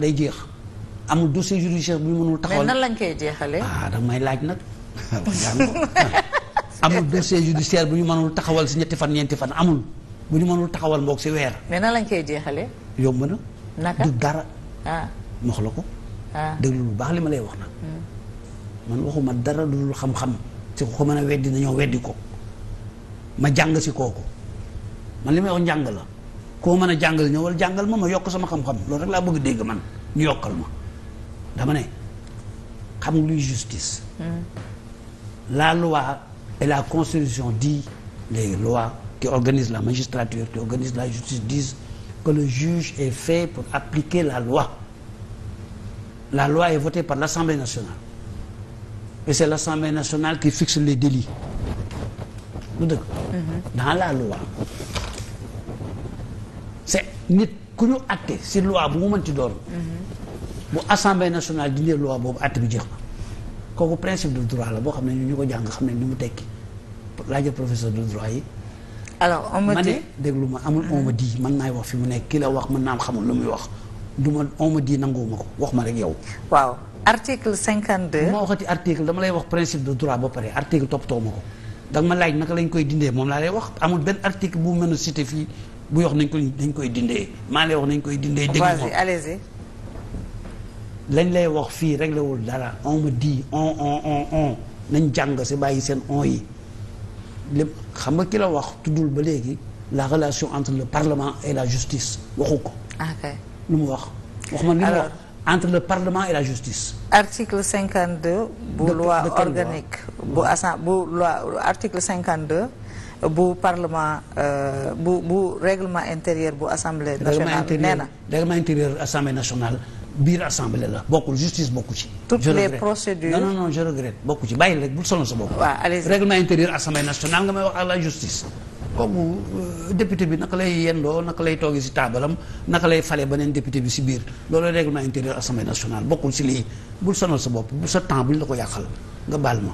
day jeex amul dossier judiciaire bu ñu mënul taxawal. mais nan lañ koy jeexalee. ah da may laaj nag amul dossier judiciaire bu ñu taxawal si ñetti fan ñeenti fan amul bu mënul taxawal mboog si weer. mais nan lañ koy jeexalee. yomb na. naka du dara. mox ah. la ko. ah déglu bu baax li ma lay wax nag. Hmm. man waxuma dara lu dul xam-xam. si ko mën a weddi dañoo weddi ko ma jàng si kooku man li may wax njàng la. koo mën a jàngal ñëw wala jàngal ma ma yokk sama xam-xam loolu rek laa bëgg dégg man ñu yokkal ma dama ne xam nga luy justice hmm. la loi et la constitution dit les lois qui organisent la magistrature qui organisent la justice disent que le juge est fait pour appliquer la loi la loi est votée par l'Assemblée nationale et c'est l'Assemblée nationale qui fixe les délits lu dëgg hmm. dans la loi c'est nit ku ñu àtte si loi bu mu mënti doon. bu assemblée nationale di ne loi boobu àtte bi jeex na kooku principe de droit la boo xam ne ñu ko jàng xam ne ni mu tekki laajal professeur de droit yi. alors on me ma ne déglu ma amul on me dit naay wax fi mu nekk ki la wax mën naa xamul lu muy wax du ma di me dit nanguwuma ko wax ma rek yow. waaw article 52. bu ma waxati article dama lay wax principe de droit ba pare article toppatoo ma ko da nga ma laa wax amul benn article bu mën a bu yox nañ ko dañ koy dindee maa lay wax nañ koy dindee. dégg allez-y lañ lay wax fii réglé wul dara on me di on on on on nañ jàng si bàyyi seen on yi lépp xam nga ki la wax tuddul ba léegi la relation entre le parlement et la justice waxu ko. Ah, ok lu mu wax. wax ma li mu wax entre le parlement et la justice. article cinquante deux. bu loi organique bu assemblée bu loi article cinquante deux. bu parlement euh, bu bu règlement intérieur bu assemblée nationale nee na règlement intérieur assemblée nationale biir assemblée la bokkul justice bokku ci. toutes les procédures non non non je regrette bokku ci rek bul sonal sa bopp. waaw allez règlement intérieur assemblée nationale nga may wax ak la justice. kooku euh, député bi naka lay yendoo naka lay toogee si taabalam naka lay fale beneen député bi si biir loolu règlement intérieur assemblée national bokkul si lii bul sonal sa bopp bu sa temps buñ la ko yàqal nga baal ma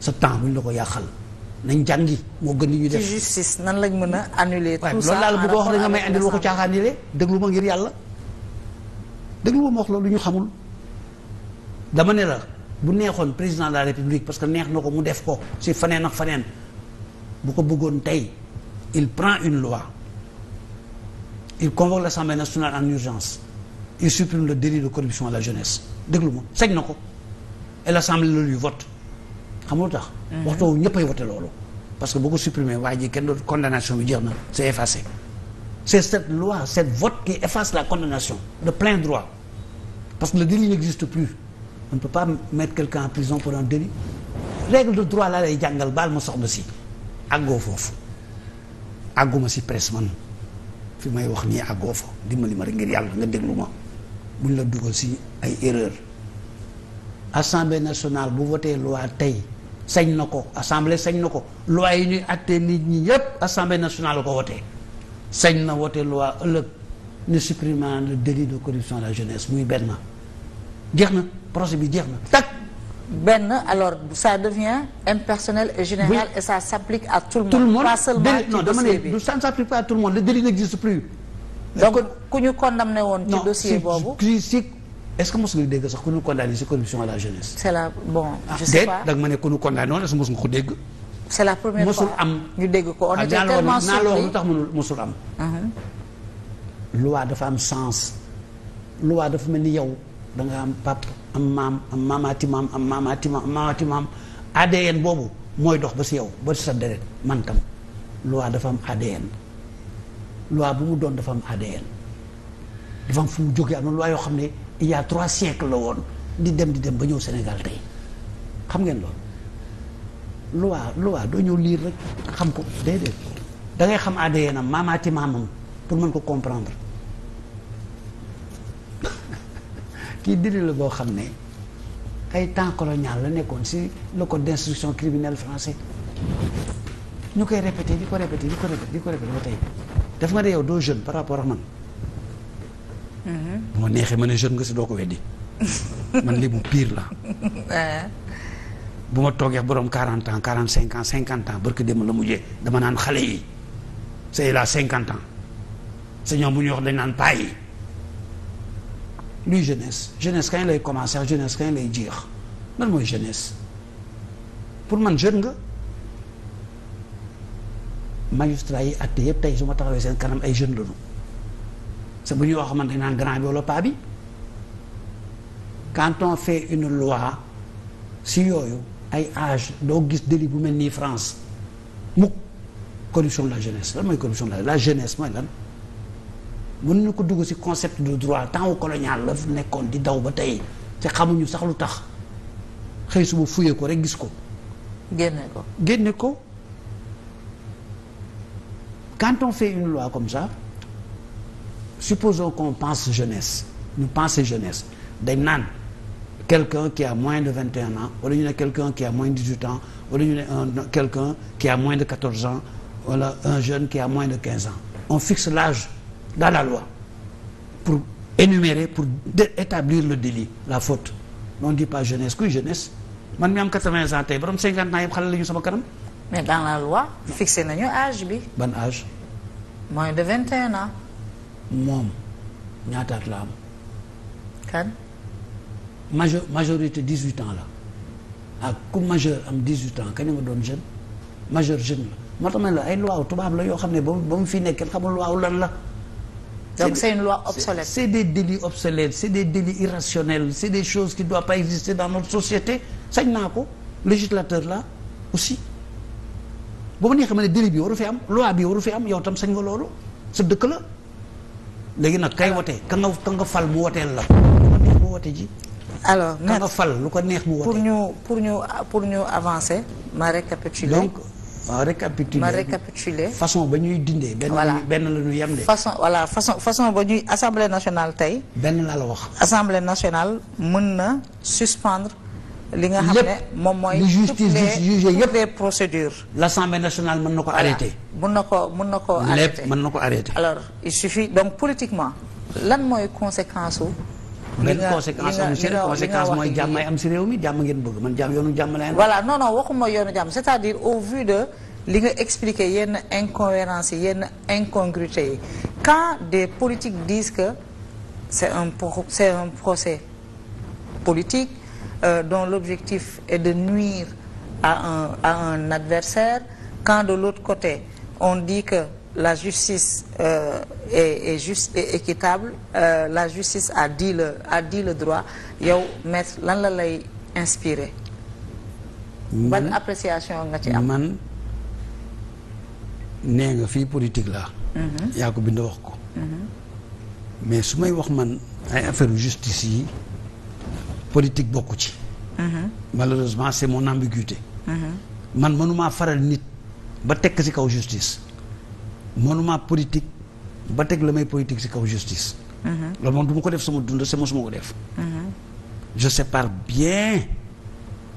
sa temps buñ la ko yàqal. nañ jàngi moo gën li ñu def ci nan lañ mën a annuler tout ça loolu daal bu ko wax da nga may andil waxu caaxaan yi ma ngir yàlla déglu ma ma wax loolu ñu xamul dama ne la bu neexoon président de la république parce que neex na ko mu def ko si faneen ak faneen bu ko bëggoon tey il prend une loi il convoque l'Assemblée nationale en urgence il supprime le délit de corruption à la jeunesse déglu ma sañ na ko et l'Assemblée le lui vote xam nga tax. waxtu woowu ñëppay wote loolu. parce que boo ko supprimer waa ji kenn dootu condamnation bi jeex na c' est effacé c' est cette loi cette vote qui efface la condamnation de plein droit parce que le délit n' existe plus on ne peut pas mettre quelqu'un en prison pour un délit règle de droit laa lay jàngal baal ma soxna si àggoo foofu àgguma si presse man fi may wax nii àggoo fa dimbali ma rek ngir yàlla nga déglu ma la dugal si ay erreur assemblée nationale bu voté loi tey sañ na ko assemblée sañ na ko loi yi ñuy àttee nit ñi yépp assemblée nationale ko wotee sañ na woote loi ëllëg ne supprimant le délit de corruption de la jeunesse muy benn jeex na projet bi jeex na tak benn alors ça devient impersonnel et général oui. et ça s'applique à tout le monde. tout le monde pas seulement non dama à tout le monde le délit n'existe plus. donc ku ñu condamné woon. ci dossier boobu est-ce que mos nga dégg sax ku ñu si corruption à la jeunesse. c'est la bon je ah, sais pas da nga ma ne ku ñu condamné woon est mos nga ko dégg. mosul am. ñu dégg ko on ah, était tellement tax mënul mosul am. Uh-huh. loi sens. loi dafa mel ni yow da nga am pap am mooy dox ba si yow ba si dafa am ADN. loi bu mu doon dafa am ADN dafa am fu mu jógee am na loi yoo xam ne. il trois siècles la woon di dem di dem ba ñëw Sénégal tey xam ngeen loolu loi loi doo ñëw lire rek xam ko déedéet da ngay xam ADN am maamaati maamam pour mën ko comprendre kii diri la boo xam ne ay temps colonial la nekkoon si le code d'instruction criminelle français ñu koy répété di ko répété di ko répété di ko répété ba tey daf nga ne yow doo jeune par rapport ak man moo neexee ma ne jeune nga si doo ko weddi man li mu pire la bu ma toogee borom quarante ans quarante cinq ans cinquante ans barke ma la mujjee dama naan xale yi c'est là cinquante ans c'est ñoom bu ñuy wax dañ naan paa yi luy jeunesse jeunesse kañ lay commencer jeunesse kañ lay jeex lan mooy jeunesse pour man jeune nga magistrat yi àtte yëpp tey su ma taxawee seen kanam ay jeune lañu sa bu ñuy wax man dañ naan grand bi wala pas bi quand fait une loi si yooyu ay âge doo gis délit bu mel nii France mukk corruption de la jeunesse lan mooy corruption de la la jeunesse mooy lan mënuñu ko dugg si concept de droit temps colonial la nekkoon di daw ba tey te xamuñu sax lu tax xëy suba fuyee ko rek gis ko. génne ko génne ko quand fait une loi comme ça. supposons qu'on pense jeunesse ñu pense jeunesse dañ naan quelqu'un qui a moins de 21 ans wala ñu ne quelqu'un qui a moins de 18 ans wala ñu ne un quelqu'un qui a moins de 14 ans wala un jeune qui a moins de 15 ans on fixe l'âge dans la loi pour énumérer pour établir le délit la faute on dit pas jeunesse kuy jeunesse man mi am 80 ans tey borom 50 ans yëpp xale la ñu sama kanam. mais dans la loi. fixé nañu bi. ban âge. moins ans. moom ñaataat la am. kan. major majorité dix huit ans la ak ku majeur am dix huit ans kañ nga doon jeune majeur jeune la moo tax ma la ay loi tubaab la yoo xam ne ba ba mu fi nekkee kenn xamul loi lan la. donc c'est une loi obsolète. c'est des délits obsolètes c'est des délits irrationnels c'est des choses qui doivent pas exister dans notre société sañ naa ko législateur la aussi bu ma neexee ma ne délit bi waru fi am loi bi waru fi am yow tam sañ nga loolu sa dëkk la. léegi nag kay wote ka nga fal mu woteel la lu ko neex mu wote ji. alors ka lu ko neex mu wote. pour ñu pour ñu pour ñu avancer. ma récapituler donc ma récapituler ma récapituler. façon ba ñuy dindee. benn benn la ñu yem de. façon voilà façon façon ba ñuy assemblée nationale tey. benn la la wax. assemblée nationale mën na suspendre. li nga xam ne moom mooy justice jugé yëpp les procédures l'Assemblée nationale mën na ko arrêté mën na ko mën na ko arrêté mën na ko arrêté alors il suffit donc politiquement lan mooy conséquence u li nga conséquence am seen conséquence mooy jàmm ay am si réew mi jàmm ngeen bëgg man jàmm yoonu jàmm la voilà non non waxuma yoonu jàmm c'est-à-dire au vu de li nga expliqué yenn incohérence yi yenn incongruité yi quand des politiques disent que c'est un pro c'est un procès politique donc euh, dont l'objectif est de nuire à un, à un adversaire, quand de l'autre côté, on di que la justice euh, est, est, juste et équitable, euh, la justice a dit le, a droit, yow maître lan la lay inspiré. ban appréciation nga ci am. man nee nga fii politique la mhm. yaa ko bind wax ko. Mhm. mais su may wax man ay affaire justice yi. politique bokku ci uh-huh. malheureusement c'est mon ambiguïté uh-huh. man mënumaa faral nit ba tekk ci kaw justice mënumaa politique ba teg la may politique ci kaw justice uh-huh. loolu moom du ma ko def sama dund c'est mosuma ko def je sépare bien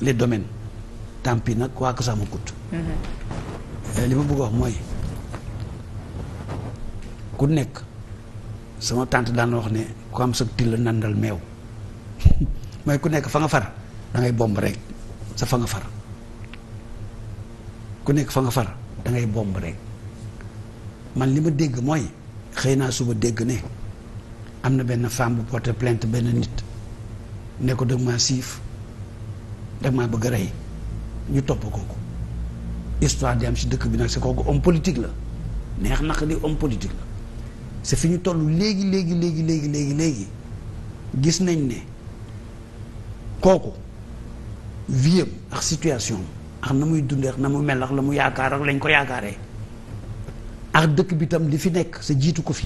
les domaines tant nag quoi que ça euh, li ma bëgg wax mooy ku nekk sama tante daan wax ne ku am sa till nandal meew mooy ku nekk fa nga far da bomb rek sa fa nga far ku nekk fa nga far da ngay bomb rek man li ma dégg mooy xëy naa suba dégg ne am na benn femme bu porté plainte benn nit ne ko dag maa siif dag maa bëgg a rey ñu topp kooku histoire di am si dëkk bi nag si kooku homme politique la neex naq di homme politique la c'est fi ñu toll léegi léegi léegi léegi léegi léegi gis nañ ne kooku vie ak situation ak na muy dundee ak na mu mel ak la mu yaakaar ak lañ ko yaakaaree ak dëkk bi tam li fi nekk sa jiitu ko fi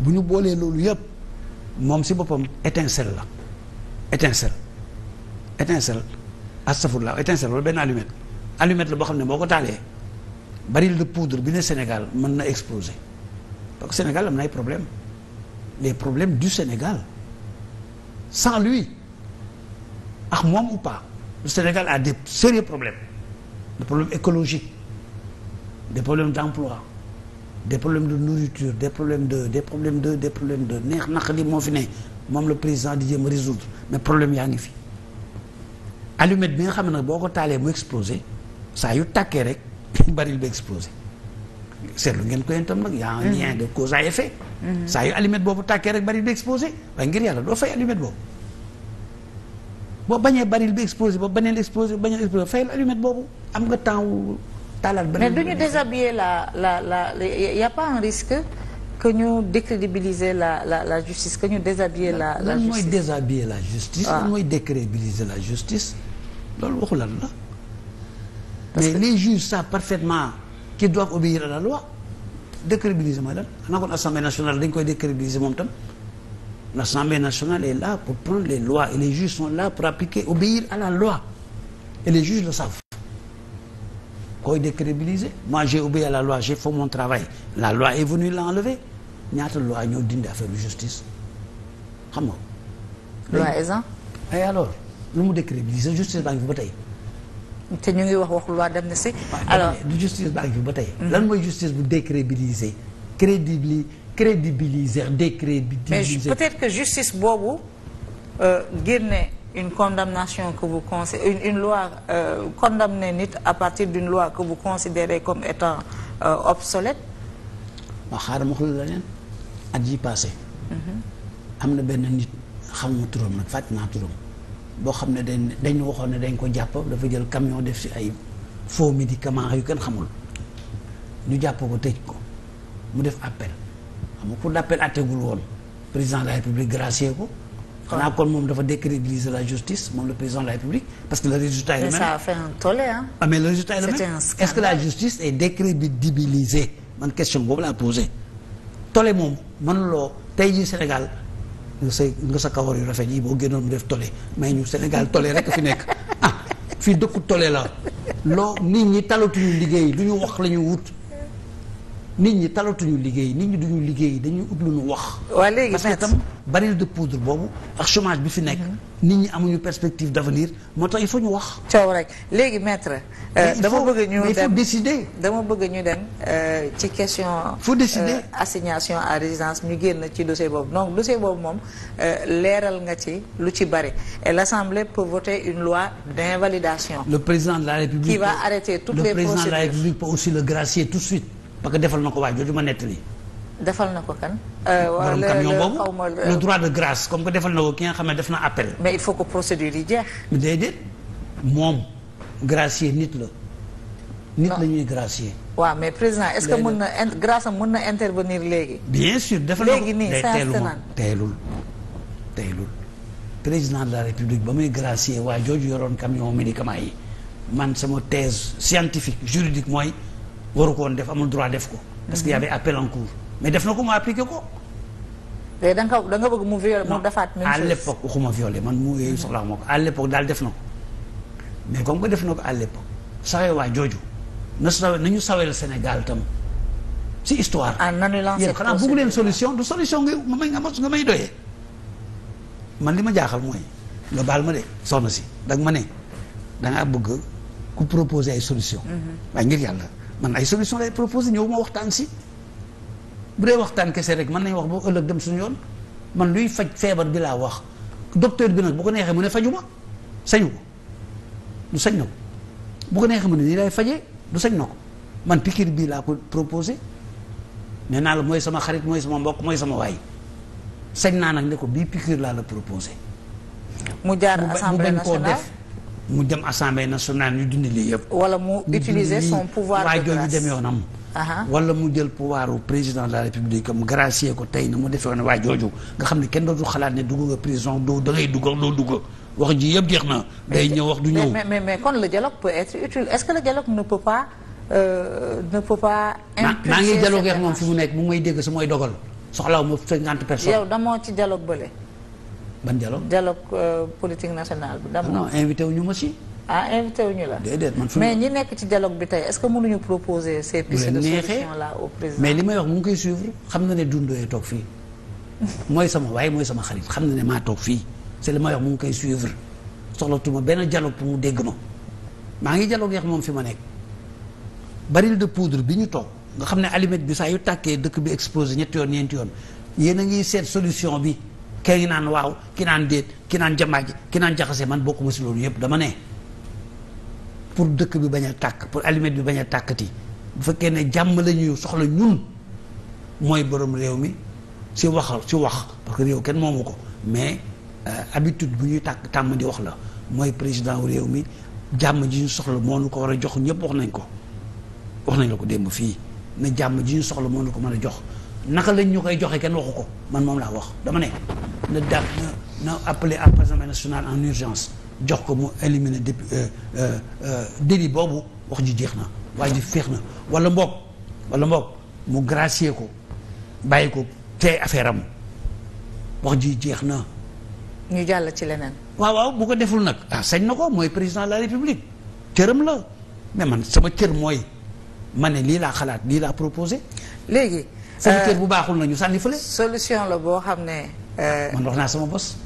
bu ñu boolee loolu yëpp moom si boppam étincelle la étincelle étincelle astafurlah étincelle wala benn allumette allumette la boo xam ne boo ko taalee bari de poudre bi ne Sénégal mën na exploser parce Sénégal am na ay problèmes les problème du Sénégal sans lui ak moom ou pas le Sénégal a des sérieux problèmes des problèmes écologiques des problèmes d'emploi des problèmes de nourriture des problèmes de des problèmes de des problèmes de neex naq moo fi ne moom le président di jéem a résoudre mais problème yaa ngi fi allumette bi nga xam ne nag boo ko taalee mu explosé saa yu tàkkee rek baril bi explosé seetlu ngeen ko yéen itam nag y mhm. lien de cause à effet mhm. saa yu allumette boobu tàkkee rek baril bi explosé waaye ngir yàlla doo fay allumette boobu boo bañee bari bi explosé ba beneen explosé ba beneen explosé fayal allumette boobu am nga temps wu taalal beneen. mais duñu déshabiller la la la y a pas un risque que ñu décrédibiliser la la la justice que ñu déshabiller la la lan mooy déshabiller la justice. Ah. lan mooy décrédibiliser la justice loolu waxu lan la. mais les juges savent parfaitement qu'ils doivent obéir à la loi décrédibiliser mooy lan xanaa kon assemblée nationale dañ koy décrédibiliser moom tam. L'Assemblée nationale est là pour prendre les lois et les juges son là pour appliquer, obéir à la loi. Et les juges le savent. koy décrédibiliser moi j'ai obéi à la loi j'ai fait mon travail la loi est venue l'enlever ñaata loi ñoo dindi affaire de justice xam nga. loi Ezzan. et alors lu mu décrédibiliser justice baa ngi fi ba ngi wax wax loi d'amnistie alors justice baa ngi fi ba tey. Mhm. lan mooy justice bu décrédibiliser crédibiliser décrédibiliser. mais peut-être que justice boobu euh, génne une condamnation que vous une, une loi euh, condamner nit à partir d'une loi que vous considérez comme étant euh, obsolète. ma xaaral ma xool leneen at yi mm-hmm. am na benn nit xamuma turam nag fàtt naa trop boo xam ne dañ dañu waxoon ne dañ ko jàpp dafa jël camion def si ay faux médicaments yu kenn xamul ñu jàpp ko tëj ko mu def appel. xam nga cour d'appel àtteegul woon président de la république gracier ko. xanaa kon moom dafa décrédibiliser la la république parce que le résultat est le même. mais ça a fait un tollé hein. ah mais le résultat est le même est-ce que la justice est décrédibilisée man question boobu laa posé. tollé moom mënuloo tey jii Sénégal nga sa kawar yu rafet yi boo génnoon mu def tollé mais ñu Sénégal tollé rek fi nekk ah fii dëkku tollé la loo nit ñi talatuñu liggéey lu ñu wax la wut. nit ñi talatuñu liggéey nit ñi duñu liggéey dañuy ut lu ñu wax. waaw léegi parce que tam baril de poudre boobu ak chômage bi fi nekk. Mhm. nit ñi amuñu perspective d' avenir moo tax il faut ñu wax. coow rek léegi maître. Euh, dama bëgg ñu dem euh, il faut décider. bëgg ñu dem ci question. faut décider assignation à résidence ñu génn ci dossier boobu donc dossier boobu moom euh, leeral nga ci lu ci bari et l' assemblée peut voter une loi d' le président de la république. qui va arrêter la république le gracier tout de suite. parce que defal na ko waay jooju ma nettali. defal na ko kan. borom euh, camion boobu le droit de grâce comme que defal na ko ki nga xam ne def na appel. mais il faut que procédure yi jeex. déedéet moom gracier nit la. nit la ñuy gracier. waa mais président est-ce que mën na grâce am mën na intervenir léegi. bien sûr defal na ko léegi nii teelul président de la république ba muy gracier waa jooju yoroon camion médicament yi man sama thèse scientifique juridique mooy. waru koon def amul droit def ko. parce que y' mhm. avait appel en cours mais def na ko mu appliqué ko. mais da da nga bëgg mu violé mu defaat même chose à l'époque man mu yooyu mhm. soxlaa ma daal def na ko mais comme que def na ko à l'époque sawee waa jooju na sawe nañu saweel Sénégal tam si histoire. ah nanu lancé yéen xanaa bëggu leen solution du solution nga may nga nga may doyee. man li ma jaaxal mooy nga baal ma de soxna si da ma ne da ngaa bëgg ku proposer ay solution mhm. waaye ngir yàlla. man ay solution lay proposé ñëw ma waxtaan si bu dee waxtaan kese rek mën nañ wax boo ëllëg dem suñu yoon man luy faj feebar bi laa wax docteur bi nag bu ko neexee mu ne faju ma sañu ko du sañ na ko bu ko neexee mu ne nii lay fajee du sañ na ko man piqûre bii laa ko proposé nee naa la mooy sama xarit mooy sama mbokk mooy sama waay sañ naa nag ne ko bii piqûre laa la proposé mu jaar assemblée nationale koo def mu dem assemblée nationale ñu dindi lii yëpp. wala mu utiliser son pouvoir de grâce waaye jooju dem yoonam. wala mu jël pouvoir au président de la république mu gracier ko tey na mu defee waa waaye jooju nga xam ne kenn dootu xalaat ne dugg nga prison doo da ngay dugg ak doo dugg wax ji yëpp jeex na. day ñëw wax du ñëw mais mais mais kon le dialogue peut être utile est-ce que le dialogue ne peut pas euh, ne peut impulser maa ngi dialogue ak moom fi mu nekk mu may dégg su mooy dogal soxlaaw ma cinquante personnes. yow damoo ci dialogue bële. ban dialogue. dialogue euh, politique nationale bi. d' ah, non wu ñu ma si. ah invité wu ñu la. déedéet man mais ñi nekk ci dialogue bi tey est ce que mënuñu proposer. ces pistes de solution là au mais li ma wax mu ngi koy suivre xam na ne dundooyee toog fii mooy sama waaye mooy sama xarit xam na ne maa toog fii c' est li may wax mu ngi koy suivre soxlatuma benn dialogue pour mu dégg ma maa ngi dialogue yeex moom fi ma nekk baril de poudre bi ñu toog nga xam ne allumette bi saa yu tàkkee dëkk bi exposé ñetti yoon ñeenti yoon yéen a ngi seet solution bi. kay naan waaw ki naan déet ki naan jamaaji ki naan jaxase man bokkuma si loolu yëpp dama ne pour dëkk bi bañ a tàkk pour allumette bi bañ a tàkkati bu fekkee ne jàmm la ñuy soxla ñun mooy borom réew mi si wax si wax parce que réew kenn moomu ko mais euh, habitude bu ñuy tàkk tàmm di wax la mooy président wu réew mi jàmm ji ñu soxla moo nu ko war a jox ñëpp wax nañ ko wax nañ la ko démb fii ne jàmm ji ñu soxla moo nu ko mën a jox naka lañ ñu koy joxe kenn waxu ko man moom laa wax dama ne na dàq na na appeler à l'Assemblée nationale en urgence jox ko mu éliminer député euh, euh, euh, délit boobu wax ji jeex na waa ji féex na wala mboog wala mboog mu gracier ko bàyyi ko tey affaire am wax ji jeex na. ñu jàll ci leneen. waaw waaw bu ko deful nag ah sañ na ko mooy président de la république cëram la mais man sama cër mooy ma ne lii laa xalaat lii laa proposé léegi. serviteur euh, bu baaxul nañu sànni fële. solution la boo xam ne. Euh, man wax sama bos.